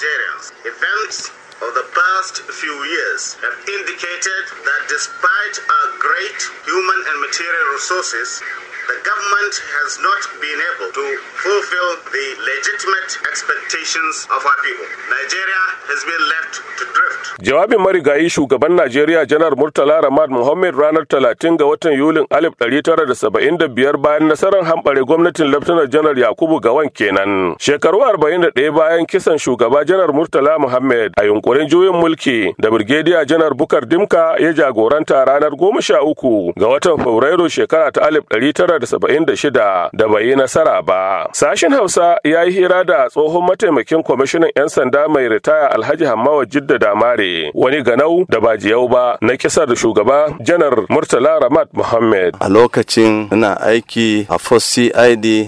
Nigerians. Events of the past few years have indicated that despite our great human and material resources, the government has not been able to fulfill the legitimate expectations of our people. Nigeria has been left to Jawabin marigayi shugaban Najeriya Janar Murtala Ramad Muhammad ranar 30 ga watan Yulin 1975 bayan nasarar hambare gwamnatin Laftanar Janar Yakubu Gawan kenan. Shekaru 41 bayan kisan shugaba Janar Murtala Muhammad a yunkurin juyin mulki da Birgediya Janar Bukar Dimka ya jagoranta ranar 13 ga watan Fabrairu shekara ta 1976 da bai yi nasara ba. Sashen Hausa ya yi hira da tsohon mataimakin kwamishinan 'yan sanda mai ritaya Alhaji Hammawa Jidda Damare bai wani ganau da ba jiyau ba na kisar shugaba janar murtala ramat muhammad a lokacin ina aiki a first cid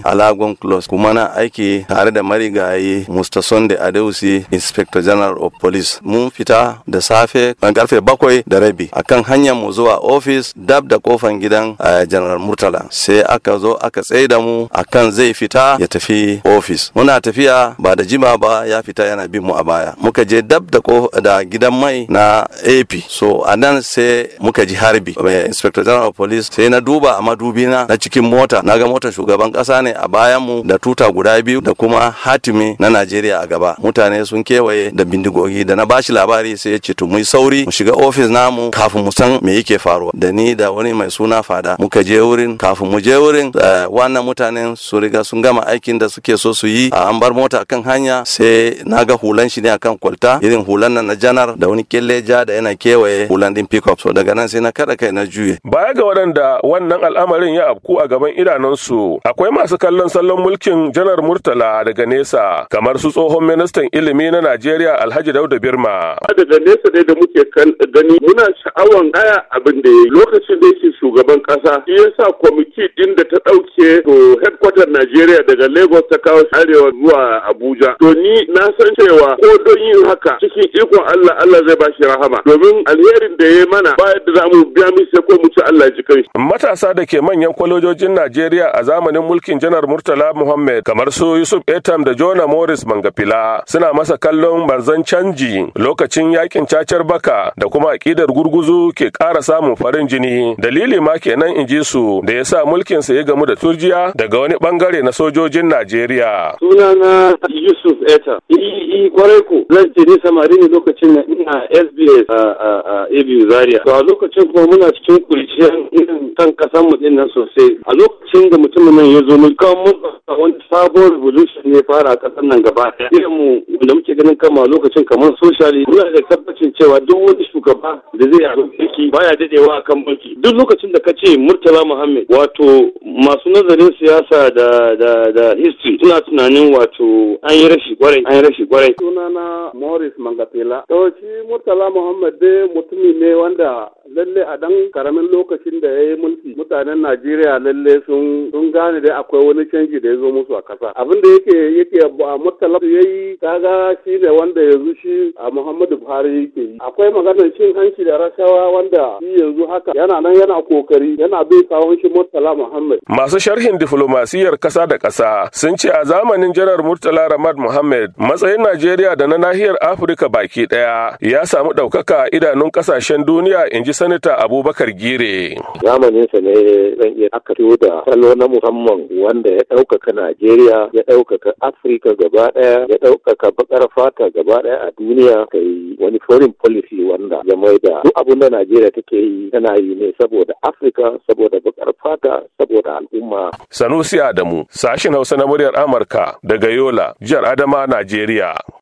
a lagon close kuma na aiki tare da marigayi musta sunday adeusi inspector general of police mun fita da safe a karfe bakwai da rabi akan hanyar mu zuwa ofis dab da kofan gidan a janar murtala sai aka zo aka tsaye da mu akan zai fita ya tafi ofis muna tafiya ba da jima ba ya fita yana bin mu a baya muka je dab da da gidan gidan mai na AP. So a nan sai muka ji harbi. Mai eh, Inspector General of Police sai na duba a madubina na cikin mota. Na ga motar shugaban kasa ne a bayan mu da tuta guda biyu da kuma hatimi na Najeriya a gaba. Mutane sun kewaye da bindigogi da na bashi labari sai ya ce to mu sauri mu shiga ofis namu kafin mu san me yake faruwa. Da ni da wani mai suna fada muka je wurin kafin mu je wurin eh, wannan mutanen su riga sun gama aikin da suke so su yi a ah, an bar mota kan hanya sai na ga hulan shi ne akan kwalta irin hulan nan na janar da wani kyalle da yana kewaye landing pickup so daga nan sai na kada kai na juye baya ga waɗanda wannan al'amarin ya afku a gaban su. akwai masu kallon salon mulkin janar murtala daga nesa kamar su tsohon ministan ilimi na najeriya alhaji dauda birma daga nesa dai da muke gani muna sha'awan kaya abin da ya lokacin da yake shugaban kasa shi yasa kwamiti din da ta ɗauke to headquarter najeriya daga lagos ta kawo arewa zuwa abuja to ni na san cewa ko don yin haka cikin ikon allah Allah zai ba shi rahama domin alherin da ya mana ba yadda za mu biya mu sai ko mu ci Allah ji kai matasa da ke manyan kwalojojin Najeriya a zamanin mulkin janar Murtala Muhammad kamar su Yusuf Etam da Jona Morris Mangafila suna masa kallon banzan canji lokacin yakin cacar baka da kuma akidar gurguzu ke ƙara samun farin jini dalili ma kenan in ji su da ya sa mulkin sa ya gamu da turjiya daga wani bangare na sojojin Najeriya sunana Yusuf Etam i ku zan ce ne samari ne lokacin ina SBS a Ibi Zaria. To a lokacin kuma muna cikin kuliciyar irin kan kasan mu din nan sosai. A lokacin da mutumin nan ya zo mu kawo mun wani sabon revolution ne fara a ƙasar nan gaba ɗaya mu da muke ganin kama lokacin kamar socially muna da tabbacin cewa duk wani shugaba da zai yaru mulki baya dadewa kan mulki duk lokacin da ka ce Murtala Muhammad wato masu nazarin siyasa da da da history suna tunanin wato an yi rashi gwarai an yi rashi gwarai sunana Morris Mangatela to shi Murtala Muhammad dai mutumi ne wanda lalle a dan karamin lokacin da ya yi mulki mutanen Najeriya lalle sun sun gane dai akwai wani canji da ya zo musu a kasa abin da yake yake a murtala ya yi kaga shi ne wanda yanzu shi a muhammadu buhari yake yi akwai maganar cin hanci da rashawa wanda shi yanzu haka yana nan yana kokari yana bin sawon shi murtala muhammad masu sharhin diflomasiyyar kasa da kasa sun ce a zamanin janar murtala ramad muhammad matsayin najeriya da na nahiyar afirka baki daya ya samu ɗaukaka a idanun kasashen duniya in ji sanata abubakar gire zamaninsa ne zan iya aka da salo na musamman wanda ya ɗaukaka ɗaukaka Najeriya ya ɗaukaka Afirka gaba ɗaya ya ɗaukaka bakar fata gaba ɗaya a duniya ka wani foreign policy wanda ya mai da duk abin da Najeriya take yi tana yi ne saboda Afirka saboda bakar fata saboda al'umma. Sanusi Adamu sashin Hausa na muryar Amurka daga Yola jihar Adama Najeriya.